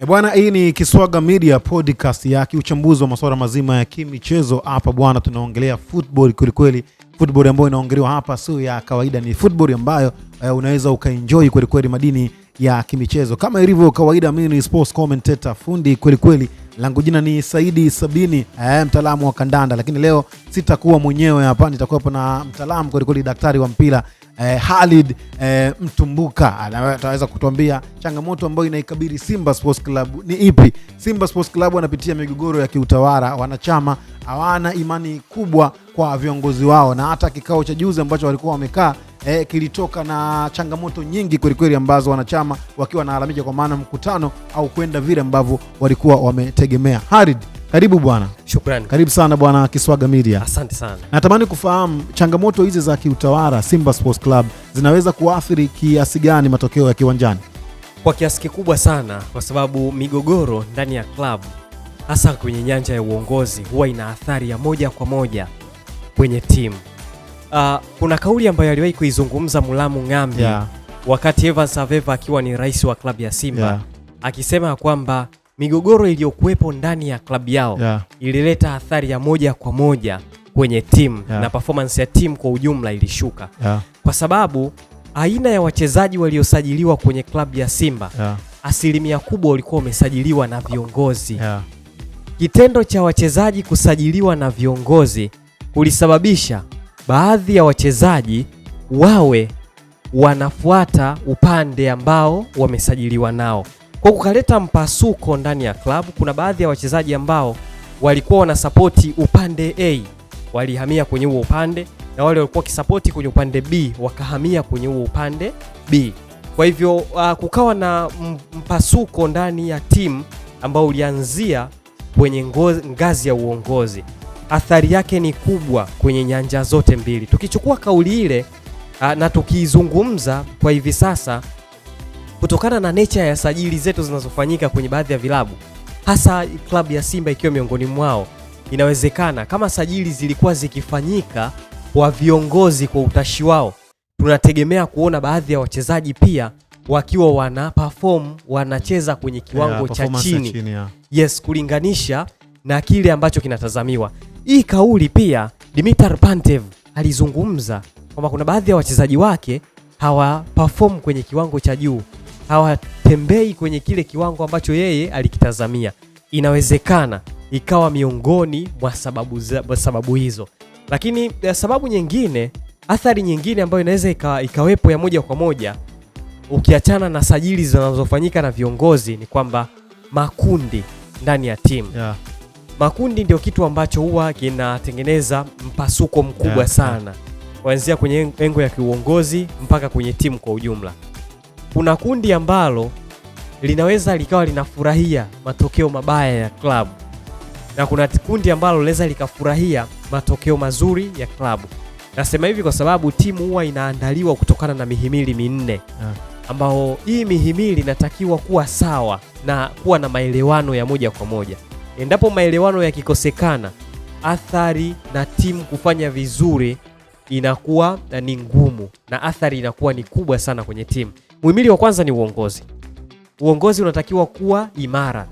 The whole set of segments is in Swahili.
E bwana, hii ni Kiswaga Media podcast ya kiuchambuzi wa masuala mazima ya kimichezo. Hapa bwana, tunaongelea football kwelikweli. Football ambayo inaongelewa hapa sio ya kawaida, ni football ambayo uh, unaweza ukaenjoy kwelikweli madini ya kimichezo kama ilivyo kawaida. Mimi ni sports commentator fundi kwelikweli, langu jina ni Saidi Sabini, eh, mtaalamu wa kandanda, lakini leo sitakuwa mwenyewe hapa, nitakuwa na mtaalamu kwelikweli, daktari wa mpira eh, Halid eh, Mtumbuka ataweza kutuambia changamoto ambayo inaikabili Simba Sports Club ni ipi. Simba Sports Club wanapitia migogoro ya kiutawala, wanachama hawana imani kubwa kwa viongozi wao, na hata kikao cha juzi ambacho walikuwa wamekaa E, kilitoka na changamoto nyingi kwelikweli ambazo wanachama wakiwa wanalalamika, kwa maana mkutano au kwenda vile ambavyo walikuwa wametegemea. Harid karibu bwana. Shukrani. Karibu sana bwana Kiswaga Media. Asante sana. Natamani kufahamu changamoto hizi za kiutawala Simba Sports Club zinaweza kuathiri kiasi gani matokeo ya kiwanjani? Kwa kiasi kikubwa sana, kwa sababu migogoro ndani ya klabu hasa kwenye nyanja ya uongozi huwa ina athari ya moja kwa moja kwenye timu. Uh, ah, kuna kauli ambayo aliwahi kuizungumza Mulamu Ng'ambi yeah. Wakati Evans Aveva akiwa ni rais wa klabu ya Simba yeah. Akisema kwamba migogoro iliyokuwepo ndani ya klabu yao yeah. ilileta athari ya moja kwa moja kwenye timu yeah. na performance ya timu kwa ujumla ilishuka yeah. kwa sababu aina ya wachezaji waliosajiliwa kwenye klabu ya Simba yeah. asilimia kubwa walikuwa wamesajiliwa na viongozi yeah. Kitendo cha wachezaji kusajiliwa na viongozi kulisababisha baadhi ya wachezaji wawe wanafuata upande ambao wamesajiliwa nao. Kwa kukaleta mpasuko ndani ya klabu, kuna baadhi ya wachezaji ambao walikuwa wanasapoti upande A walihamia kwenye huo upande na wale walikuwa wakisapoti kwenye upande B wakahamia kwenye huo upande B. Kwa hivyo uh, kukawa na mpasuko ndani ya timu ambao ulianzia kwenye ngozi, ngazi ya uongozi. Athari yake ni kubwa kwenye nyanja zote mbili. Tukichukua kauli ile uh, na tukiizungumza kwa hivi sasa kutokana na nature ya sajili zetu zinazofanyika kwenye baadhi ya vilabu, hasa klabu ya Simba ikiwa miongoni mwao, inawezekana kama sajili zilikuwa zikifanyika kwa viongozi kwa utashi wao, tunategemea kuona baadhi ya wachezaji pia wakiwa wana perform wanacheza kwenye kiwango yeah, cha chini, chini yeah. Yes, kulinganisha na kile ambacho kinatazamiwa. Hii kauli pia Dimitar Pantev alizungumza kwamba kuna baadhi ya wachezaji wake hawa perform kwenye kiwango cha juu hawatembei kwenye kile kiwango ambacho yeye alikitazamia. Inawezekana ikawa miongoni mwa sababu, sababu hizo. Lakini eh, sababu nyingine, athari nyingine ambayo inaweza ikawepo ya moja kwa moja ukiachana na sajili zinazofanyika na viongozi ni kwamba makundi ndani ya timu yeah. Makundi ndio kitu ambacho huwa kinatengeneza mpasuko mkubwa yeah, sana kuanzia kwenye engo ya kiuongozi mpaka kwenye timu kwa ujumla kuna kundi ambalo linaweza likawa linafurahia matokeo mabaya ya klabu na kuna kundi ambalo linaweza likafurahia matokeo mazuri ya klabu. Nasema hivi kwa sababu timu huwa inaandaliwa kutokana na mihimili minne ah. ambao hii mihimili inatakiwa kuwa sawa na kuwa na maelewano ya moja kwa moja. Endapo maelewano yakikosekana, athari na timu kufanya vizuri inakuwa ni ngumu na athari inakuwa ni kubwa sana kwenye timu. Muhimili wa kwanza ni uongozi. Uongozi unatakiwa kuwa imara.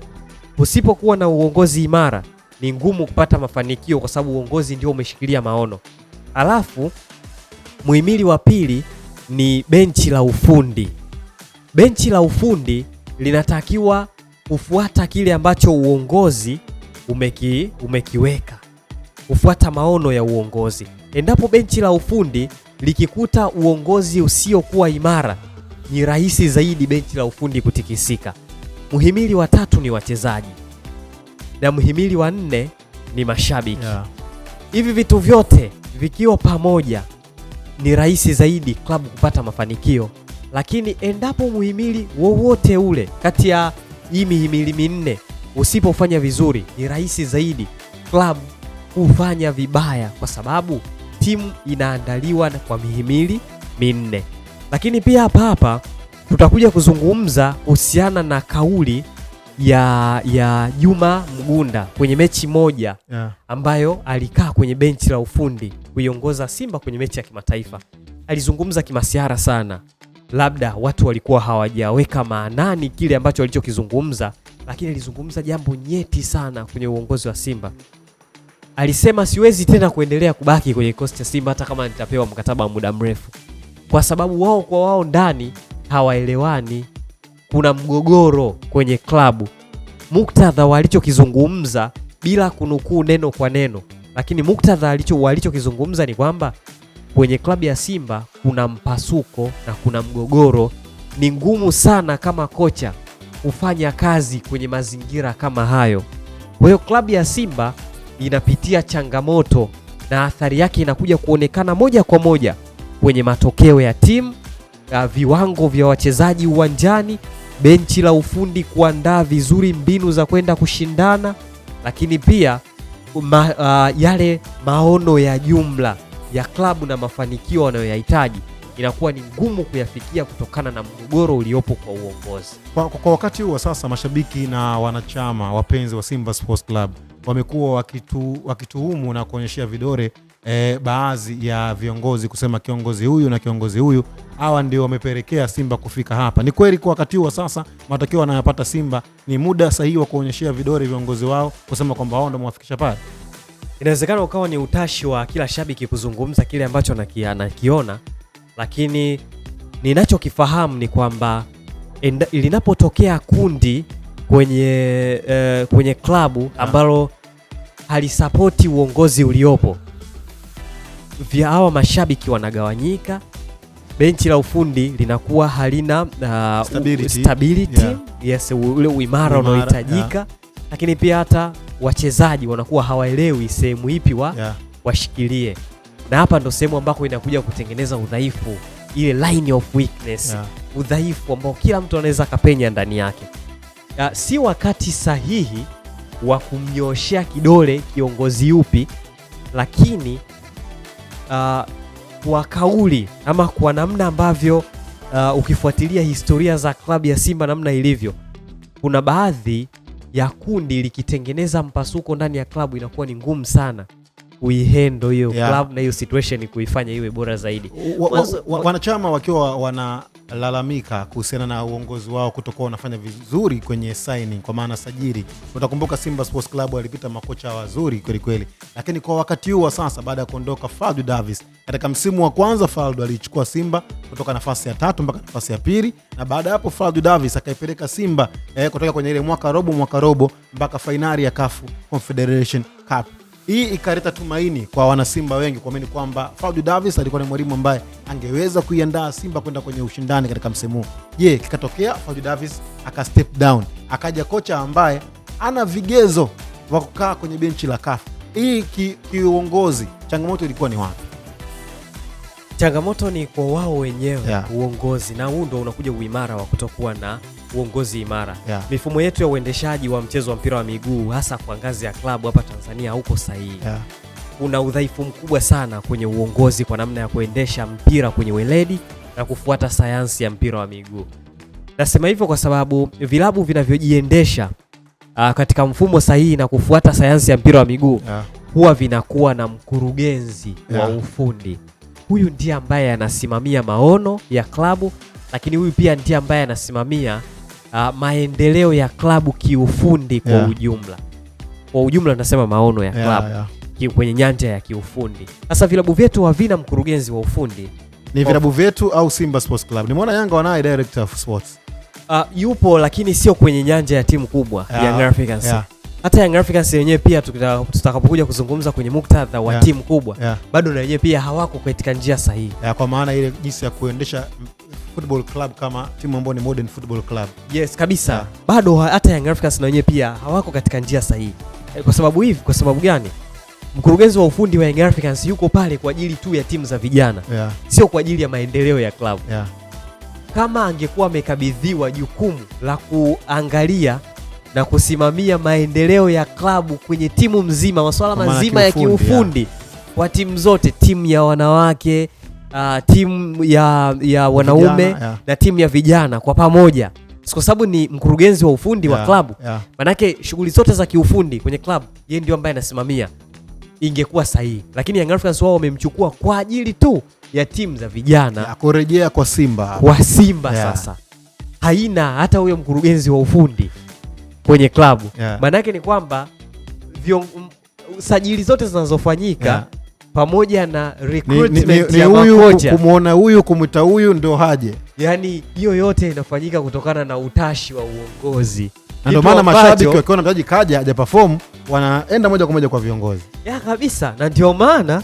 Usipokuwa na uongozi imara, ni ngumu kupata mafanikio, kwa sababu uongozi ndio umeshikilia maono. Alafu muhimili wa pili ni benchi la ufundi. Benchi la ufundi linatakiwa kufuata kile ambacho uongozi umeki, umekiweka kufuata maono ya uongozi. Endapo benchi la ufundi likikuta uongozi usiokuwa imara ni rahisi zaidi benchi la ufundi kutikisika. Mhimili wa tatu ni wachezaji na mhimili wa nne ni mashabiki yeah. Hivi vitu vyote vikiwa pamoja ni rahisi zaidi klabu kupata mafanikio, lakini endapo muhimili wowote ule kati ya hii mihimili minne usipofanya vizuri, ni rahisi zaidi klabu kufanya vibaya, kwa sababu timu inaandaliwa kwa mihimili minne. Lakini pia hapa hapa tutakuja kuzungumza kuhusiana na kauli ya ya Juma Mgunda kwenye mechi moja yeah, ambayo alikaa kwenye benchi la ufundi kuiongoza Simba kwenye mechi ya kimataifa. Alizungumza kimasiara sana, labda watu walikuwa hawajaweka maanani kile ambacho alichokizungumza, lakini alizungumza jambo nyeti sana kwenye uongozi wa Simba. Alisema siwezi tena kuendelea kubaki kwenye kikosi cha Simba hata kama nitapewa mkataba wa muda mrefu kwa sababu wao kwa wao ndani hawaelewani, kuna mgogoro kwenye klabu. Muktadha walichokizungumza bila kunukuu neno kwa neno, lakini muktadha alicho walichokizungumza ni kwamba kwenye klabu ya Simba kuna mpasuko na kuna mgogoro. Ni ngumu sana kama kocha kufanya kazi kwenye mazingira kama hayo. Kwa hiyo klabu ya Simba inapitia changamoto na athari yake inakuja kuonekana moja kwa moja kwenye matokeo ya timu, viwango vya wachezaji uwanjani, benchi la ufundi kuandaa vizuri mbinu za kwenda kushindana, lakini pia ma, uh, yale maono ya jumla ya klabu na mafanikio wanayoyahitaji inakuwa ni ngumu kuyafikia kutokana na mgogoro uliopo kwa uongozi. Kwa, kwa wakati huu wa sasa, mashabiki na wanachama wapenzi wa Simba Sports Club wamekuwa wakitu, wakituhumu na kuonyeshea vidore e, baadhi ya viongozi kusema kiongozi huyu na kiongozi huyu hawa ndio wamepelekea Simba kufika hapa. Ni kweli kwa wakati wa sasa matokeo wanayopata Simba ni muda sahihi wa kuonyeshea vidore viongozi wao kusema kwamba wao ndio mwafikisha pale. Inawezekana ukawa ni utashi wa kila shabiki kuzungumza kile ambacho anakiona, lakini ninachokifahamu ni kwamba linapotokea kundi kwenye, eh, kwenye klabu ah. ambalo halisapoti uongozi uliopo vya hawa mashabiki wanagawanyika, benchi la ufundi linakuwa halina uh, stability, stability. Yeah. Yes, ule uimara unaohitajika yeah. Lakini pia hata wachezaji wanakuwa hawaelewi sehemu ipi wa yeah. washikilie, na hapa ndo sehemu ambako inakuja kutengeneza udhaifu, ile line of weakness yeah. udhaifu ambao kila mtu anaweza akapenya ndani yake. ya, ah, si wakati sahihi wa kumnyoshea kidole kiongozi yupi, lakini uh, kwa kauli ama kwa namna ambavyo uh, ukifuatilia historia za klabu ya Simba namna ilivyo, kuna baadhi ya kundi likitengeneza mpasuko ndani ya klabu inakuwa ni ngumu sana kuihendo hiyo yeah, klabu na hiyo situation kuifanya iwe bora zaidi. Wanachama wakiwa wana lalamika kuhusiana na uongozi wao kutokuwa wanafanya vizuri kwenye signing, kwa maana sajiri. Utakumbuka Simba Sports Club walipita makocha wazuri kweli kweli, lakini kwa wakati huu wa sasa, baada ya kuondoka Faldu Davis, katika msimu wa kwanza Faldu alichukua Simba kutoka nafasi ya tatu mpaka nafasi ya pili, na baada ya hapo Faldu Davis akaipeleka Simba eh, kutoka kwenye ile mwaka robo mwaka robo mpaka fainali ya CAF Confederation Cup. Hii ikaleta tumaini kwa wanasimba wengi kuamini kwamba Fadlu Davis alikuwa ni mwalimu ambaye angeweza kuiandaa Simba kwenda kwenye ushindani katika msimu huu. Je, kikatokea Fadlu Davis aka step down, akaja kocha ambaye ana vigezo vya kukaa kwenye benchi la kafu. Hii kiuongozi, ki changamoto ilikuwa ni wapi? Changamoto ni kwa wao wenyewe, yeah. Uongozi na huu ndo unakuja uimara wa kutokuwa na uongozi imara yeah. Mifumo yetu ya uendeshaji wa mchezo wa mpira wa miguu hasa kwa ngazi ya klabu hapa Tanzania huko sahihi yeah. una udhaifu mkubwa sana kwenye uongozi kwa namna ya kuendesha mpira kwenye weledi na kufuata sayansi ya mpira wa miguu. Nasema hivyo kwa sababu vilabu vinavyojiendesha uh, katika mfumo sahihi na kufuata sayansi ya mpira wa miguu yeah. huwa vinakuwa na mkurugenzi yeah. wa ufundi. Huyu ndiye ambaye anasimamia maono ya klabu, lakini huyu pia ndiye ambaye anasimamia uh, maendeleo ya klabu kiufundi kwa yeah. ujumla kwa ujumla tunasema maono ya klabu yeah, yeah. kwenye nyanja ya kiufundi. Sasa vilabu vyetu havina mkurugenzi wa ufundi, ni vilabu vyetu au Simba Sports Club. Nimeona Yanga wanaye director of sports uh, yupo lakini sio kwenye nyanja ya timu kubwa yeah, ya Africans yeah. Hata Young Africans wenyewe pia tutakapokuja kuzungumza kwenye muktadha wa yeah, timu kubwa yeah, bado na wenyewe pia hawako katika njia sahihi yeah, kwa maana ile jinsi ya kuendesha Football Club kama timu ambayo ni Modern Football Club. Yes, kabisa yeah. Bado hata Young Africans na wenyewe pia hawako katika njia sahihi. Eh, kwa sababu hivi, kwa sababu gani? Mkurugenzi wa ufundi wa Young Africans yuko pale kwa ajili tu ya timu za vijana yeah. Sio kwa ajili ya maendeleo ya club yeah. Kama angekuwa amekabidhiwa jukumu la kuangalia na kusimamia maendeleo ya klabu kwenye timu mzima, masuala mazima ya kiufundi kwa timu zote, timu ya wanawake uh, ah, timu ya, ya wanaume vijana, yeah. na timu ya vijana kwa pamoja kwa sababu ni mkurugenzi wa ufundi yeah, wa klabu yeah. Manake shughuli zote za kiufundi kwenye klabu yeye ndio ambaye anasimamia, ingekuwa sahihi, lakini Young Africans wao wamemchukua kwa ajili tu ya timu za vijana yeah, kurejea kwa Simba kwa Simba yeah. Sasa haina hata huyo mkurugenzi wa ufundi kwenye klabu yeah. Manake ni kwamba sajili zote zinazofanyika yeah pamoja na recruitment ya makocha kumuona huyu kumwita huyu ndo haje, yani hiyo yote inafanyika kutokana na utashi wa uongozi. Ndio maana mashabiki wakiona mchezaji kaja haja perform wanaenda moja kwa moja kwa viongozi ya kabisa, na ndio maana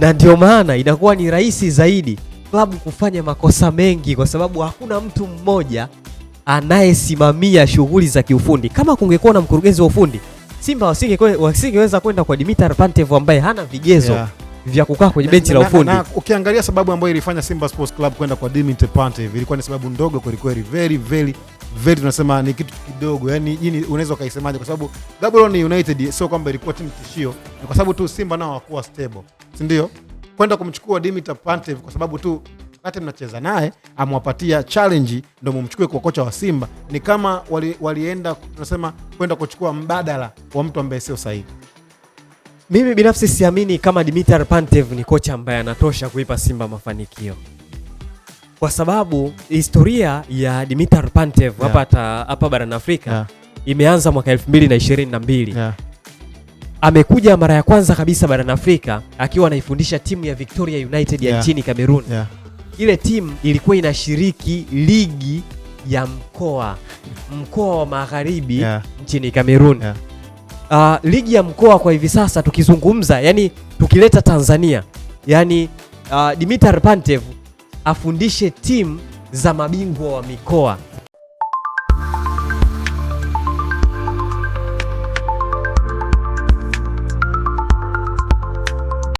na ndio maana inakuwa ni rahisi zaidi klabu kufanya makosa mengi, kwa sababu hakuna mtu mmoja anayesimamia shughuli za kiufundi. Kama kungekuwa na mkurugenzi wa ufundi Simba wasingeweza kwenda kwa Dimitar Pantev ambaye hana vigezo yeah vya kukaa kwenye benchi la ufundi. Na ukiangalia okay, sababu ambayo ilifanya Simba Sports Club kwenda kwa Dimitri Pantev ilikuwa ni sababu ndogo kweli kweli, very very very, tunasema ni kitu kidogo, yani yini, unaweza ukaisemaje? Kwa sababu Gaborone United sio kwamba ilikuwa timu tishio, ni kwa sababu tu Simba nao hawakuwa stable, si ndio? Kwenda kumchukua Dimitri Pantev kwa sababu tu wakati mnacheza naye amwapatia challenge ndo mumchukue kwa kocha wa Simba, ni kama walienda wali tunasema kwenda kuchukua mbadala wa mtu ambaye sio sahihi. Mimi binafsi siamini kama Dimitar Pantev ni kocha ambaye anatosha kuipa Simba mafanikio kwa sababu historia ya Dimitar Pantev hapa yeah. barani Afrika yeah. imeanza mwaka 2022 yeah. amekuja mara ya kwanza kabisa barani Afrika akiwa anaifundisha timu ya Victoria United ya yeah. Cameroon yeah. ile timu ilikuwa inashiriki ligi ya mkoa mkoa wa magharibi yeah. nchini Cameroon yeah uh, ligi ya mkoa kwa hivi sasa tukizungumza, yani tukileta Tanzania, yani uh, Dimitar Pantev afundishe timu za mabingwa wa mikoa.